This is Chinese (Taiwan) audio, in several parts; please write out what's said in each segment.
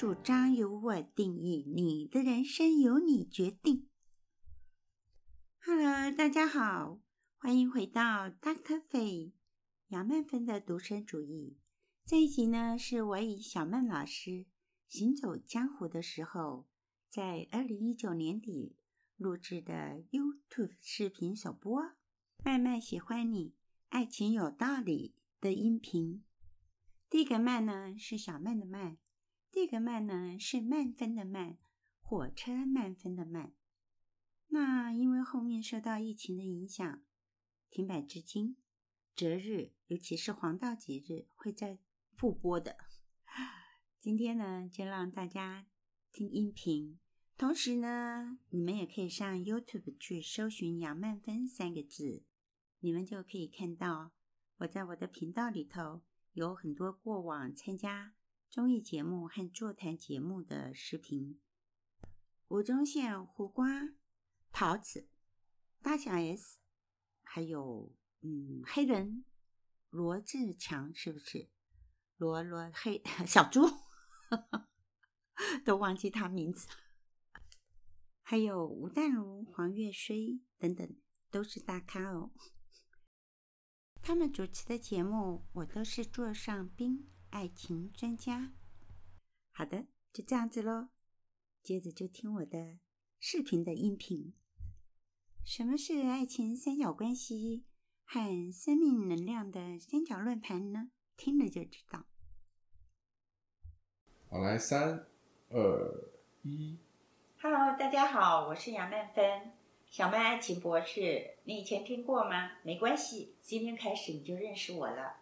主張由我定義，你的人生由你決定。Hello，大家好，歡迎回到 Doctor Fay 楊曼芬的獨身主義。這一集呢，是我與小曼老師行走江湖的時候，在二零一九年底錄制的 YouTube 視頻首播。曼曼喜歡你，愛情有道理的音頻。第一個曼呢，是小曼的曼。這個慢呢是慢分的慢，火車慢分的慢。那因為後面受到疫情的影響，停擺至今。擇日，尤其是黃道吉日，會再復播的。今天呢，就讓大家聽音頻。同時呢，你們也可以上 YouTube 去搜尋“楊曼芬”三個字，你們就可以看到我在我的頻道裡頭有很多過往參加。綜藝節目和座談節目的視頻，吳宗憲、胡瓜、陶子、大小 S，還有嗯，黑人羅志強是不是？羅羅黑小豬， 都忘記他名字。還有吳淡如、黃越綏等等，都是大咖哦。他們主持的節目，我都是坐上賓。愛情專家，好的，就這樣子嘍。接着就聽我的視頻的音頻。什麼是愛情三角關係和生命能量的三角論盤呢？聽了就知道。我來，三二一。Hello，大家好，我是楊曼芬，小麥愛情博士。你以前聽過嗎？沒關係，今天開始你就認識我了。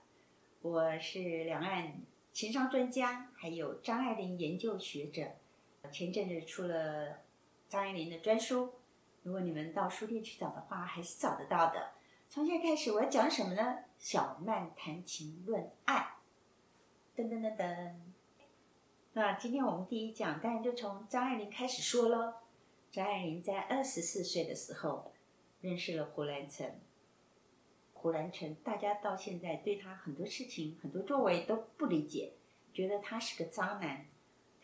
我是兩岸情商專家，還有張愛玲研究學者。前陣子出了張愛玲的專書，如果你們到書店去找的話，還是找得到的。從現在開始，我要講什麼呢？小曼談情論愛。噔噔噔噔，那今天我們第一講當然就從張愛玲開始說嘍。張愛玲在二十四歲的時候認識了胡蘭成。胡蘭成，大家到現在對他很多事情、很多作為都不理解，覺得他是個渣男。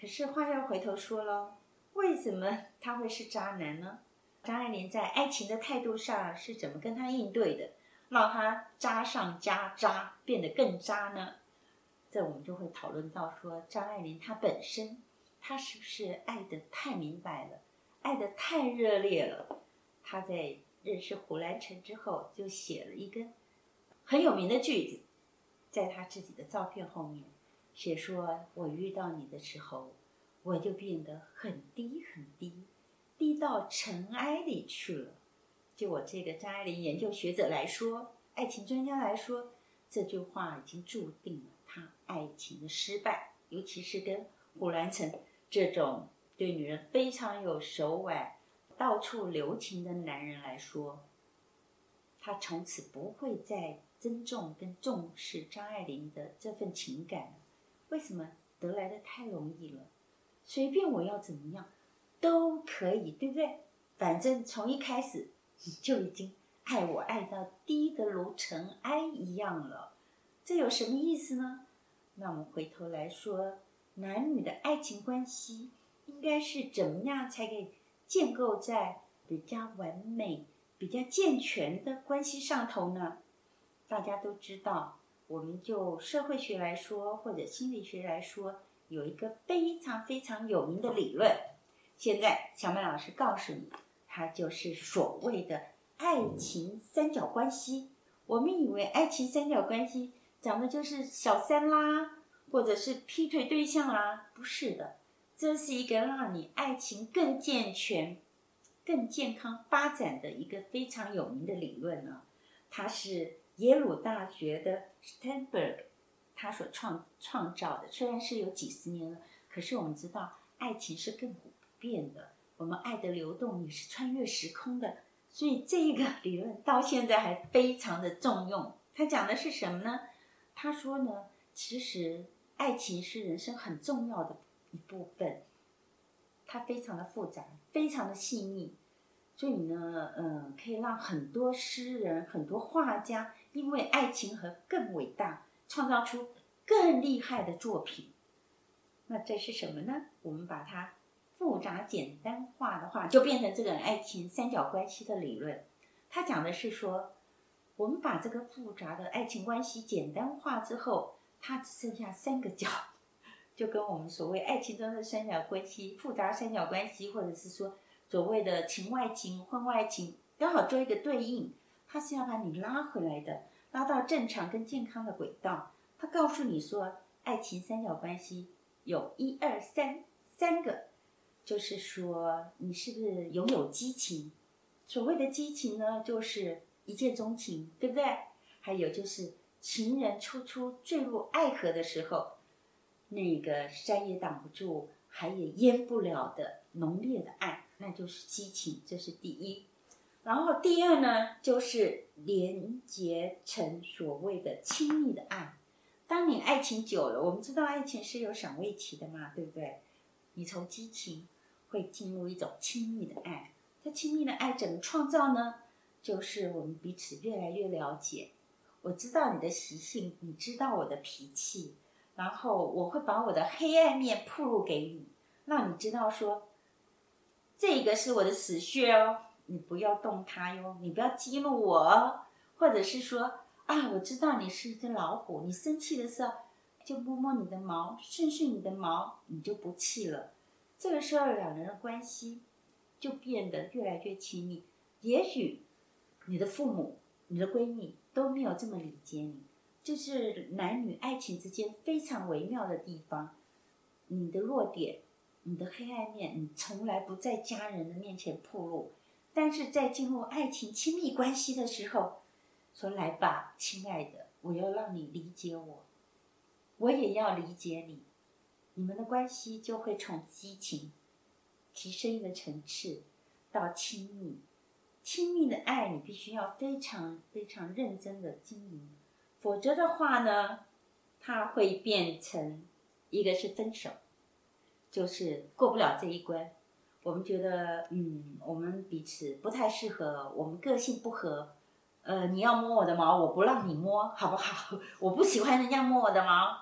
可是話要回頭說了，為什麼他會是渣男呢？張愛玲在愛情的態度上是怎麼跟他應對的，讓他渣上加渣，變得更渣呢？這我們就會討論到說，張愛玲她本身，她是不是愛得太明白了，愛得太熱烈了，她在。認識胡蘭成之後，就寫了一句很有名的句子，在他自己的照片後面寫說：“我遇到你的時候，我就變得很低很低，低到塵埃裡去了。”就我這個張愛玲研究學者來說，愛情專家來說，這句話已經注定了他愛情的失敗，尤其是跟胡蘭成這種對女人非常有手腕。到處留情的男人來說，他從此不會再尊重跟重視張愛玲的這份情感。為什麼得來的太容易了？隨便我要怎麼樣都可以，對不對？反正從一開始你就已經愛我愛到低得如塵埃一樣了，這有什麼意思呢？那我們回頭來說，男女的愛情關係應該是怎麼樣才給？建構在比較完美、比較健全的關係上頭呢？大家都知道，我們就社會學來說，或者心理學來說，有一個非常非常有名的理論。現在，小曼老師告訴你，它就是所謂的愛情三角關係。我們以為愛情三角關係講的就是小三啦，或者是劈腿對象啦，不是的。這是一個讓你愛情更健全、更健康發展的一個非常有名的理論呢、啊。它是耶魯大學的 Sternberg，他所創創造的。雖然是有幾十年了，可是我們知道愛情是亘古不變的，我們愛的流動也是穿越時空的。所以這一個理論到現在還非常的重用。他講的是什麼呢？他說呢，其實愛情是人生很重要的。一部分，它非常的複雜，非常的細膩，所以呢，嗯、呃，可以讓很多詩人、很多畫家，因為愛情和更偉大，創造出更厲害的作品。那這是什麼呢？我們把它複雜簡單化的話，就變成這個愛情三角關係的理論。它講的是說，我們把這個複雜的愛情關係簡單化之後，它只剩下三個角。就跟我們所謂愛情中的三角關係、複雜三角關係，或者是說所謂的情外情、婚外情，剛好做一個對應，他是要把你拉回來的，拉到正常跟健康的軌道。他告訴你說，愛情三角關係有一二三三個，就是說你是不是擁有激情？所謂的激情呢，就是一見鍾情，對不對？還有就是情人初初墜入愛河的時候。那個山也擋不住，海也淹不了的濃烈的愛，那就是激情，這是第一。然後第二呢，就是連接成所謂的親密的愛。當你愛情久了，我們知道愛情是有賞味期的嘛，對不對？你從激情會進入一種親密的愛。這親密的愛怎麼創造呢？就是我們彼此越來越了解，我知道你的習性，你知道我的脾氣。然後我會把我的黑暗面暴露給你，讓你知道說，這個是我的死穴哦，你不要動它喲，你不要激怒我哦，或者是說啊，我知道你是一隻老虎，你生氣的時候就摸摸你的毛，順順你的毛，你就不氣了。這個時候，兩人的關係就變得越來越親密。也許你的父母、你的閨蜜都沒有這麼理解你。這、就是男女愛情之間非常微妙的地方，你的弱點，你的黑暗面，你從來不在家人的面前暴露，但是在進入愛情親密關係的時候，說來吧，親愛的，我要讓你理解我，我也要理解你，你們的關係就會從激情提升一個層次到親密，親密的愛，你必須要非常非常認真的經營。否則的話呢，它會變成一個是分手，就是過不了這一關。我們覺得，嗯，我們彼此不太適合，我們個性不合。呃，你要摸我的毛，我不讓你摸，好不好？我不喜歡人家摸我的毛。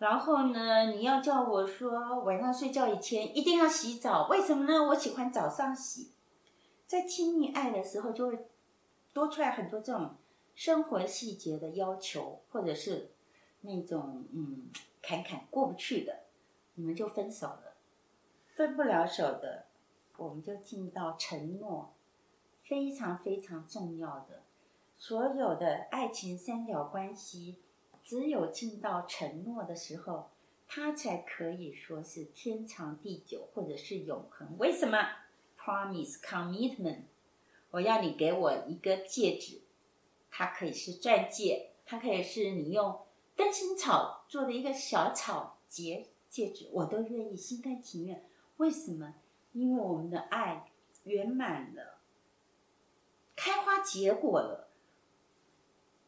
然後呢，你要叫我說晚上睡覺以前一定要洗澡，為什麼呢？我喜歡早上洗。在親密愛的時候，就會多出來很多這種。生活細節的要求，或者是那種嗯坎坎過不去的，你們就分手了；分不了手的，我們就進到承諾，非常非常重要的。所有的愛情三角關係，只有進到承諾的時候，它才可以說是天長地久，或者是永恆。為什麼？Promise commitment，我要你給我一個戒指。它可以是鑽戒，它可以是你用燈芯草做的一個小草結戒指，我都願意心甘情願。為什麼？因為我們的愛圓滿了，開花結果了。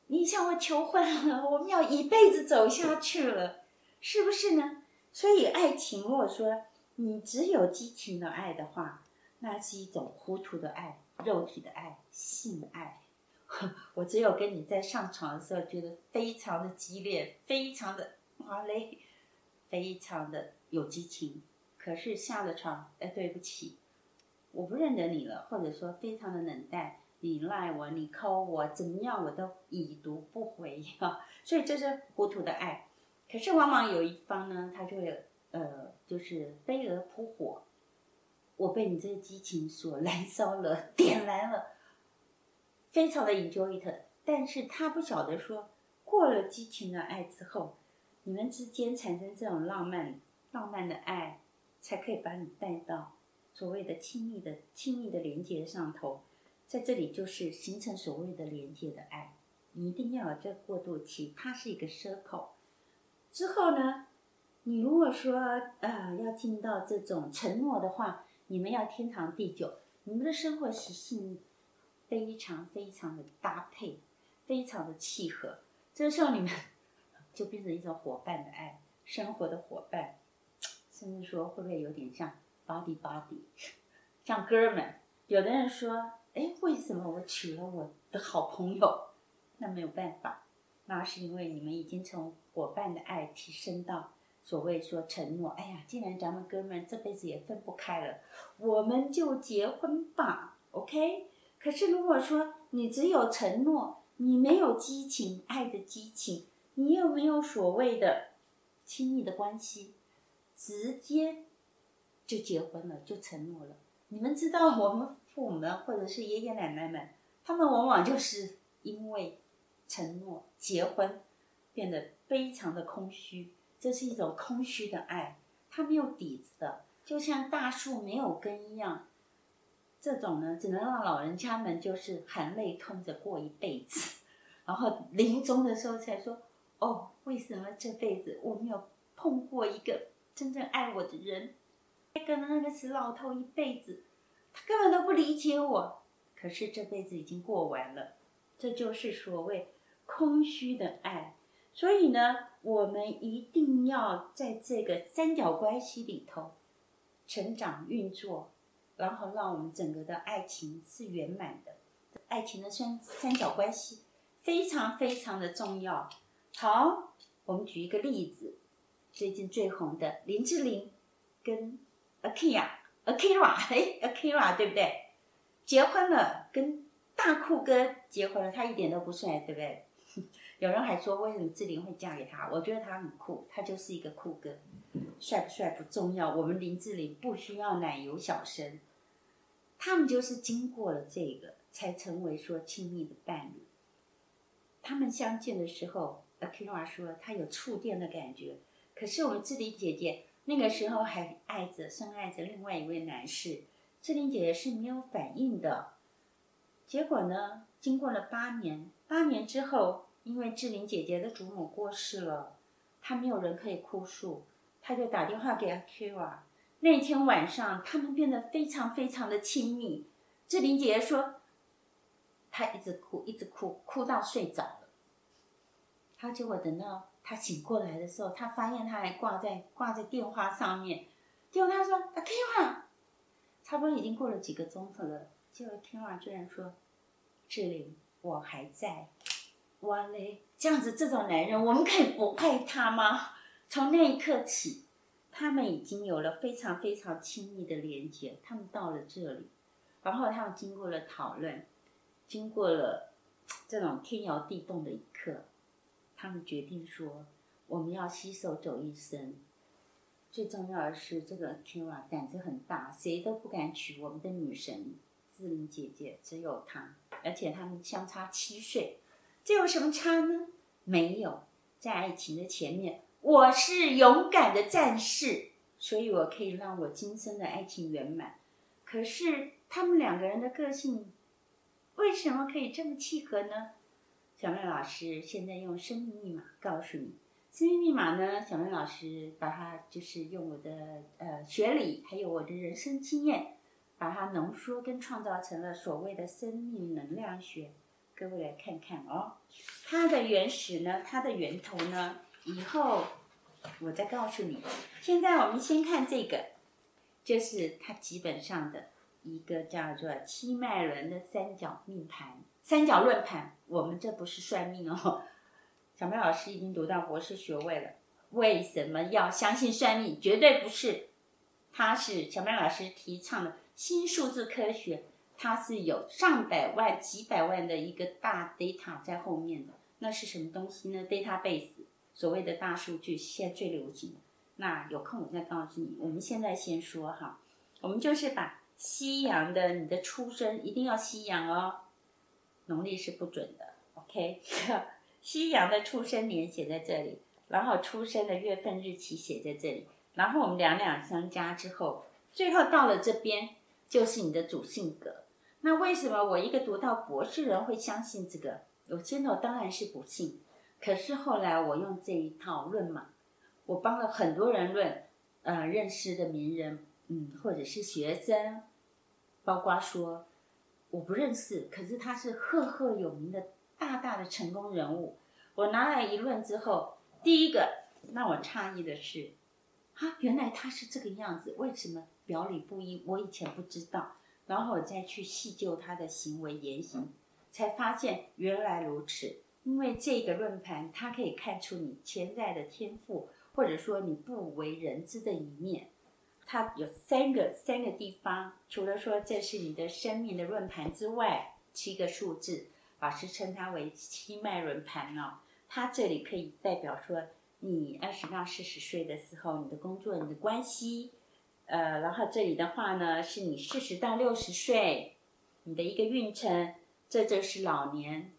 你向我求婚了，我們要一輩子走下去了，是不是呢？所以，愛情如果說，你只有激情的愛的話，那是一種糊塗的愛，肉體的愛，性愛。呵，我只有跟你在上床的時候，覺得非常的激烈，非常的花、啊、嘞，非常的有激情。可是下了床，哎，對不起，我不認得你了，或者說非常的冷淡，你賴我，你摳我，怎麼樣，我都已讀不回哈、啊，所以這是糊塗的愛。可是往往有一方呢，他就會呃，就是飛蛾撲火，我被你這激情所燃燒了，點燃了。 非常的 enjoy it 但是他不曉得說，過了激情的愛之後，你們之間產生這種浪漫、浪漫的愛，才可以把你帶到所謂的親密的、親密的連接上頭，在這裡就是形成所謂的連接的愛，你一定要有這過渡期，它是一個 circle，之後呢，你如果說呃要進到這種承諾的話，你們要天長地久，你們的生活習性。非常非常的搭配，非常的契合，這時候你們就變成一種夥伴的愛，生活的夥伴，甚至說會不會有點像 buddy buddy 像哥們。有的人說：“哎，為什麼我娶了我的好朋友？”那沒有辦法，那是因為你們已經從夥伴的愛提升到所謂說承諾。哎呀，既然咱們哥們這輩子也分不開了，我們就結婚吧。OK。可是，如果說你只有承諾，你沒有激情，愛的激情，你又沒有所謂的親密的關係，直接就結婚了，就承諾了。你們知道，我們父母們或者是爺爺奶奶們，他們往往就是因為承諾結婚，變得非常的空虛，這是一種空虛的愛，他沒有底子的，就像大樹沒有根一樣。這種呢，只能讓老人家們就是含淚痛着過一輩子，然後臨終的時候才說：“哦，為什麼這輩子我沒有碰過一個真正愛我的人？跟了那個死老頭一輩子，他根本都不理解我。可是這輩子已經過完了，這就是所謂空虛的愛。所以呢，我們一定要在這個三角關係裡頭成長運作。”然後讓我們整個的愛情是圓滿的，愛情的三三角關係非常非常的重要。好，我們舉一個例子，最近最紅的林志玲跟 Akira，Akira，哎，Akira 對不對？結婚了，跟大酷哥結婚了，他一點都不帥，對不對？有人還說，為什麼志玲會嫁給他？我覺得他很酷，他就是一個酷哥，帥不帥不重要。我們林志玲不需要奶油小生，他們就是經過了這個才成為說親密的伴侶。他們相見的時候，阿 k i 說他有觸電的感覺。可是我們志玲姐姐那個時候還愛着深愛着另外一位男士，志玲姐姐是沒有反應的。結果呢，經過了八年，八年之後，因為志玲姐姐的祖母過世了，她沒有人可以哭訴，她就打電話給 Akira 啊。那天晚上，他們變得非常非常的親密。志玲姐姐說，她一直哭，一直哭，哭到睡着了。她結果等到她醒過來的時候，她發現她還掛在掛在電話上面。結果她說 Akira 啊，Akira! 差不多已經過了幾個鐘頭了。結果 Akira，居然說，志玲，我還在。哇嘞！這樣子，這種男人，我們可以不愛他嗎？從那一刻起，他們已經有了非常非常親密的連接。他們到了這裡，然後他們經過了討論，經過了這種天搖地動的一刻，他們決定說，我們要攜手走一生。最重要的是，這個 Akira，膽子很大，誰都不敢娶我們的女神，志玲姐姐，只有她，而且他們相差七歲。這有什麼差呢？沒有，在愛情的前面，我是勇敢的戰士，所以我可以讓我今生的愛情圓滿。可是他們兩個人的個性，為什麼可以這麼契合呢？小妹老師現在用生命密碼告訴你，生命密碼呢，小妹老師把它就是用我的呃學理，還有我的人生經驗，把它濃縮跟創造成了所謂的生命能量學。各位來看看哦，它的原始呢，它的源頭呢，以後我再告訴你。現在我們先看這個，就是它基本上的一個叫做七脈輪的三角命盤，三角論盤。我們這不是算命哦，小麥老師已經讀到博士學位了。為什麼要相信算命？絕對不是，它是小麥老師提倡的新數字科學。它是有上百萬、幾百萬的一個大 data 在後面的，那是什麼東西呢？database，所謂的大數據，現在最流行。那有空我再告訴你。我們現在先說哈，我們就是把西洋的你的出生一定要西洋哦，農曆是不準的。OK， 西洋的出生年寫在這裡，然後出生的月份日期寫在這裡，然後我們兩兩相加之後，最後到了這邊就是你的主性格。那為什麼我一個讀到博士人會相信這個？我先頭當然是不信，可是後來我用這一套論嘛，我幫了很多人論，呃，認識的名人，嗯，或者是學生，包括說，我不認識，可是他是赫赫有名的、大大的成功人物，我拿來一論之後，第一個讓我詫異的是，啊，原來他是這個樣子，為什麼表裡不一？我以前不知道。然後再去細究他的行為言行，嗯，才發現原來如此。因為這個論盤，它可以看出你潛在的天賦，或者說你不為人知的一面。它有三個三個地方，除了說這是你的生命的論盤之外，七個數字，老、啊、師稱它為七脈論盤哦。它這裡可以代表說，你二十到四十歲的時候，你的工作，你的關係。呃，然後這裡的話呢，是你四十到六十歲，你的一個運程，這就是老年，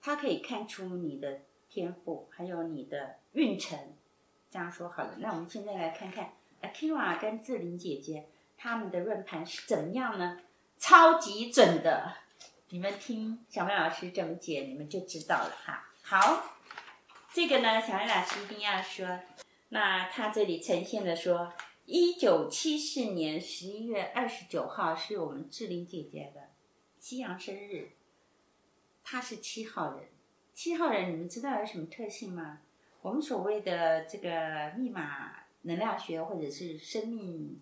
它可以看出你的天賦還有你的運程，這樣說好了。那我們現在來看看 Akira 跟志玲姐姐他們的論盤，是怎麼樣呢？超級準的，你們聽小妹老師怎麼解，你們就知道了哈。好，這個呢，小妹老師一定要說，那它這裡呈現的說。一九七四年十一月二十九號是我們志玲姐姐的西洋生日，她是七號人，七號人你們知道有什麼特性嗎？我們所謂的這個密碼能量學或者是生命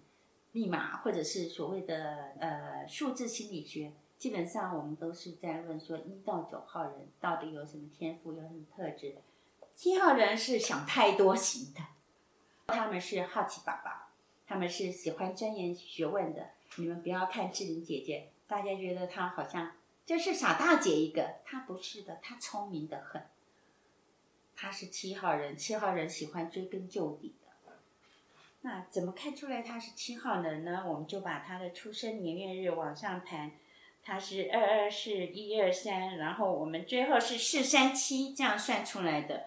密碼或者是所謂的呃數字心理學，基本上我們都是在問說一到九號人到底有什麼天賦有什麼特質？七號人是想太多型的，他們是好奇寶寶。他們是喜歡鑽研學問的，你們不要看志玲姐姐，大家覺得她好像就是傻大姐一個，她不是的，她聰明得很。她是七號人，七號人喜歡追根究底的。那怎麼看出來她是七號人呢？我們就把她的出生年月日往上盤，她是二二四一二三，然後我們最後是四三七，這樣算出來的。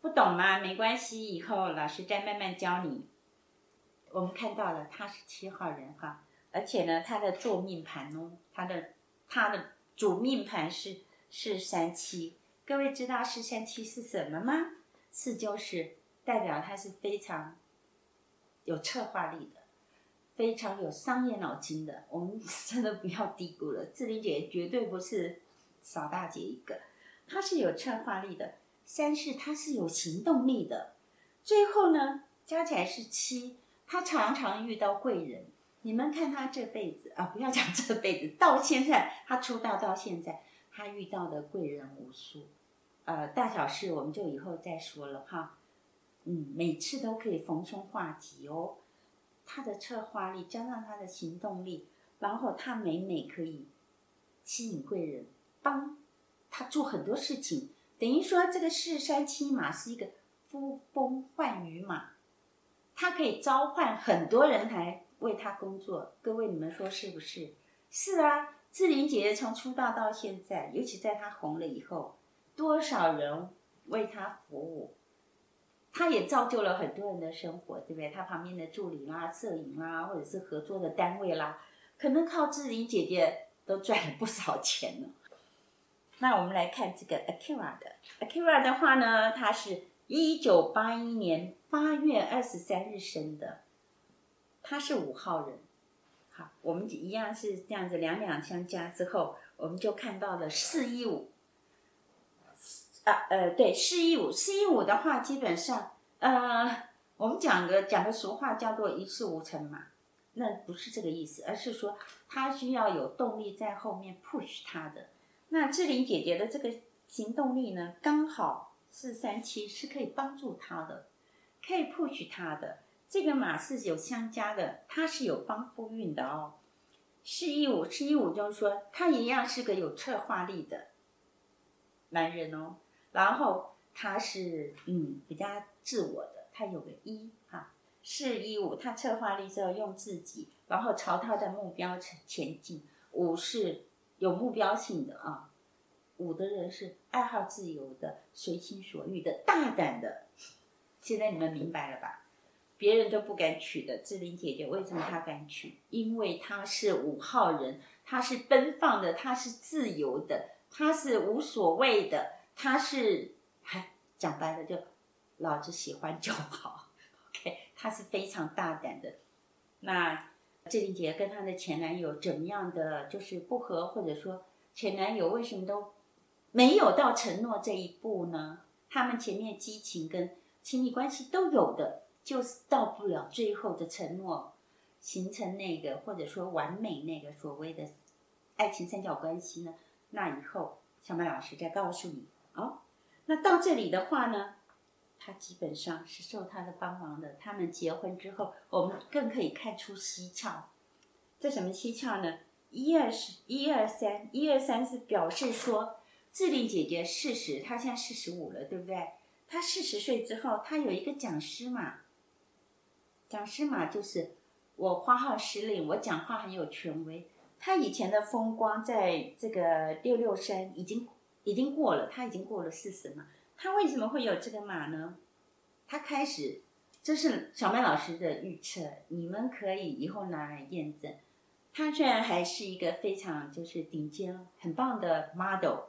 不懂嗎？沒關係，以後老師再慢慢教你。我們看到了，他是七號人哈，而且呢，他的坐命盤哦，他的他的主命盤是四三七，各位知道四三七是什麼嗎？四就是代表他是非常有策劃力的，非常有商業腦筋的。我們真的不要低估了，志玲姐姐絕對不是傻大姐一個，她是有策劃力的，三是她是有行動力的，最後呢，加起來是七。他常常遇到貴人，你們看他這輩子啊，不要講這輩子，到現在他出道到現在，他遇到的貴人無數，呃，大小事我們就以後再說了哈。嗯，每次都可以逢凶化吉哦。他的策劃力加上他的行動力，然後他每每可以吸引貴人幫他做很多事情，等於說這個四三七碼，是一個呼風喚雨碼。他可以召喚很多人來為他工作，各位你們說是不是？是啊，志玲姐姐從出道到現在，尤其在她紅了以後，多少人為她服務，她也造就了很多人的生活，對不對？她旁邊的助理啦、啊、攝影啦、啊，或者是合作的單位啦、啊，可能靠志玲姐姐都賺了不少錢呢。那我們來看這個 Akira 的，Akira 的話呢，她是一九八一年。八月二十三日生的，他是五號人。好，我們一樣是這樣子兩兩相加之後，我們就看到了四一五。啊呃，對，四一五，四一五的話，基本上，呃，我們講個講個俗話叫做一事無成嘛，那不是這個意思，而是說他需要有動力在後面 push 他的。那志玲姐姐的這個行動力呢，剛好四三七是可以幫助他的。可以 push 他的這個碼是有相加的，他是有幫夫運的哦，是一五，是一五就是說他一樣是個有策劃力的男人哦。然後他是嗯比較自我的，他有個一哈，是、啊、一五，他策劃力是要用自己，然後朝他的目標前進。五是有目標性的啊，五的人是愛好自由的，隨心所欲的，大膽的。現在你們明白了吧？別人都不敢娶的志玲姐姐，為什麼她敢娶？因為她是五號人，她是奔放的，她是自由的，她是無所謂的，她是，哎，講白了就，老子喜歡就好。OK，她是非常大膽的。那志玲姐姐跟她的前男友怎麼樣的？就是不合，或者說前男友為什麼都，沒有到承諾這一步呢？他們前面激情跟。親密關係都有的，就是到不了最後的承諾，形成那個或者說完美那個所謂的愛情三角關係呢？那以後，小麥老師再告訴你哦，那到這裡的話呢，他基本上是受他的幫忙的。他們結婚之後，我們更可以看出蹊蹺。這什麼蹊蹺呢？一二十一二三，一二三是表示說，志玲姐姐四十，他現在四十五了，對不對？他四十歲之後，他有一個講師嘛？講師嘛，就是我發號施令，我講話很有權威。他以前的風光在這個六六三已經已經過了，他已經過了四十嘛。他為什麼會有這個碼呢？他開始，這是小麥老師的預測，你們可以以後拿來驗證。他雖然還是一個非常就是頂尖、很棒的 model，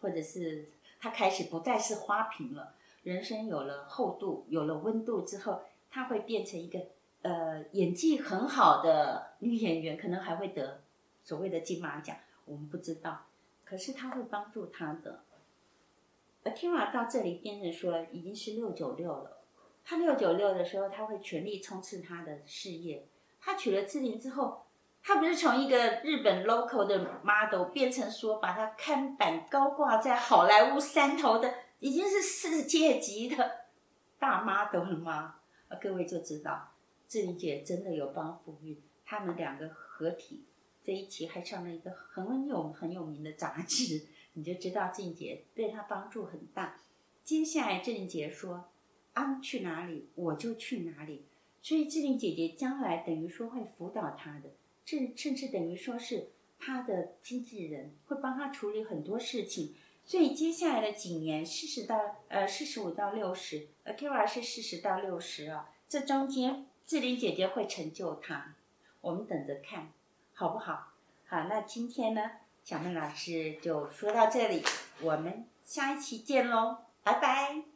或者是他開始不再是花瓶了。人生有了厚度，有了溫度之後，她會變成一個呃演技很好的女演員，可能還會得所謂的金馬獎，我們不知道。可是她會幫助她的。而 Akira 到這裡，變成說了已經是六九六了。她六九六的時候，她會全力衝刺她的事業。她娶了志玲之後，她不是從一個日本 local 的 model 變成說把她看板高掛在好萊塢山頭的。已經是世界級的大 model，懂了嗎？各位就知道，志玲姐真的有幫夫運。他們兩個合體在一起，還上了一個很有很有名的雜誌，你就知道志玲姐對她幫助很大。接下來，志玲姐說安、嗯、去哪裡，我就去哪裡。”所以，志玲姐姐將來等於說會輔導她的，甚甚至等於說是她的經紀人會幫她處理很多事情。所以接下來的幾年，四十到呃四十五到六十，呃 Akira 是四十到六十啊，這中間志玲姐姐會成就他，我們等着看好不好？好，那今天呢，小妹老師就說到這裡，我們下一期見嘍，拜拜。